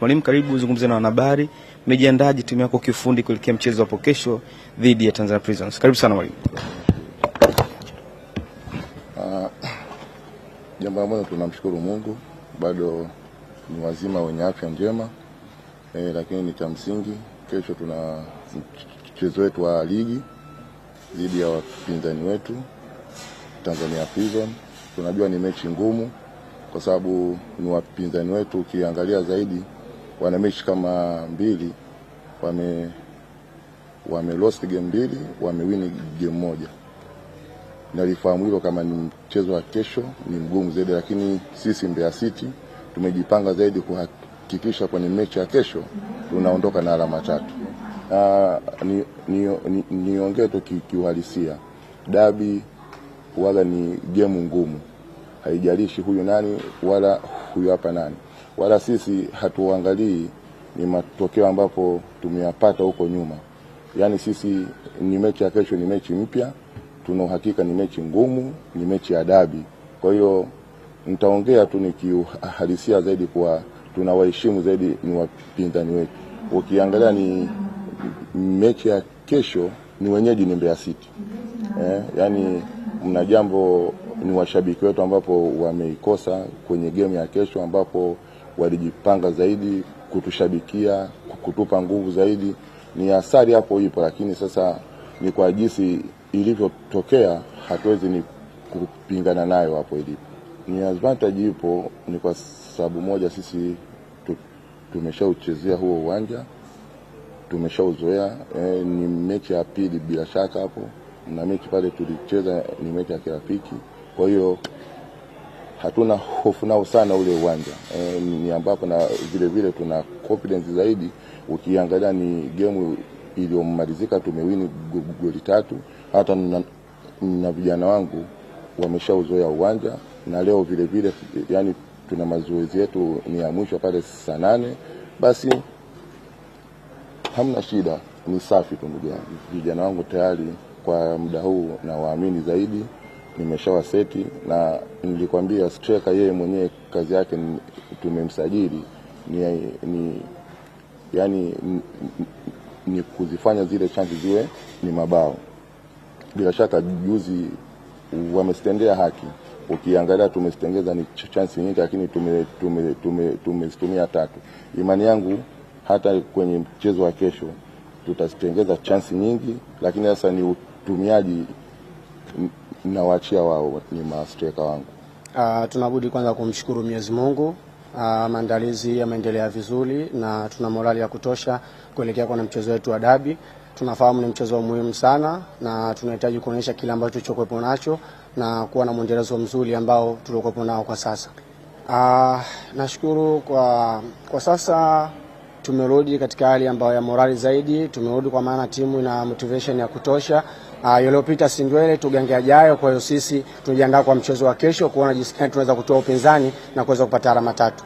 Mwalimu, karibu uzungumze na wanahabari. Umejiandaje timu yako kiufundi kuelekea mchezo hapo kesho dhidi ya Tanzania Prisons? Karibu sana mwalimu. Uh, jambo la mwanzo tunamshukuru Mungu, bado ni wazima wenye afya njema eh, lakini ni cha msingi. Kesho tuna mchezo wetu wa ligi dhidi ya wapinzani wetu Tanzania Prison. Tunajua ni mechi ngumu, kwa sababu ni wapinzani wetu, ukiangalia zaidi wana mechi kama mbili wame wame lost game mbili, wamewini game moja. Nalifahamu hilo kama ni mchezo wa kesho ni mgumu zaidi, lakini sisi Mbeya City tumejipanga zaidi kuhakikisha kwenye mechi ya kesho tunaondoka na alama tatu. Niongee ni, ni, ni tu kiuhalisia, dabi wala ni gemu ngumu, haijalishi huyu nani wala huyu hapa nani wala sisi hatuangalii ni matokeo ambapo tumeyapata huko nyuma. Yaani sisi ni mechi ya kesho, ni mechi mpya, tuna uhakika ni mechi ngumu, ni mechi ya dabi. Kwa hiyo nitaongea tu nikiuhalisia zaidi kuwa tunawaheshimu zaidi ni wapinzani wetu. Ukiangalia ni mechi ya kesho, ni wenyeji ni Mbeya City eh, yaani mna jambo ni washabiki wetu ambapo wameikosa kwenye game ya kesho ambapo walijipanga zaidi kutushabikia, kutupa nguvu zaidi. Ni asari hapo ipo, lakini sasa ni kwa jinsi ilivyotokea, hatuwezi ni kupingana nayo hapo ilipo. Ni advantage ipo, ni kwa sababu moja, sisi tumeshauchezea huo uwanja tumeshauzoea. E, ni mechi ya pili bila shaka hapo, na mechi pale tulicheza ni mechi ya kirafiki, kwa hiyo hatuna hofu nao sana ule uwanja e, ni ambapo na vilevile tuna confidence zaidi. Ukiangalia ni gemu iliyomalizika tumewini goli tatu, hata na, vijana wangu wameshauzoea uwanja na leo vilevile yani tuna mazoezi yetu ni ya mwisho pale saa nane. Basi hamna shida, ni safi tu ndugu yangu. Vijana wangu tayari kwa muda huu na waamini zaidi nimeshawaseti na nilikwambia striker yeye mwenyewe kazi yake tumemsajili ni, ni, yani, ni, ni kuzifanya zile chansi ziwe ni mabao. Bila shaka juzi wamezitendea haki, ukiangalia tumezitengeza ni chansi nyingi, lakini tumezitumia tume, tume, tume, tume tatu. Imani yangu hata kwenye mchezo wa kesho tutazitengeza chansi nyingi, lakini sasa ni utumiaji mnawaachia wao, ni mastreka wangu. Uh, tunabudi kwanza kumshukuru Mwenyezi Mungu. Uh, maandalizi yameendelea vizuri na tuna morali ya kutosha kuelekea na mchezo wetu wa dabi. Tunafahamu ni mchezo muhimu sana na tunahitaji kuonyesha kile ambacho tulichokuwepo nacho na kuwa na mwendelezo mzuri ambao tuliokuwepo nao kwa sasa. Uh, nashukuru kwa, kwa sasa tumerudi katika hali ambayo ya morali zaidi, tumerudi kwa maana timu ina motivation ya kutosha. Uh, yaliyopita si tugange ajayo. Kwa hiyo sisi tunajiandaa kwa mchezo wa kesho kuona jinsi gani tunaweza kutoa upinzani na kuweza kupata alama tatu.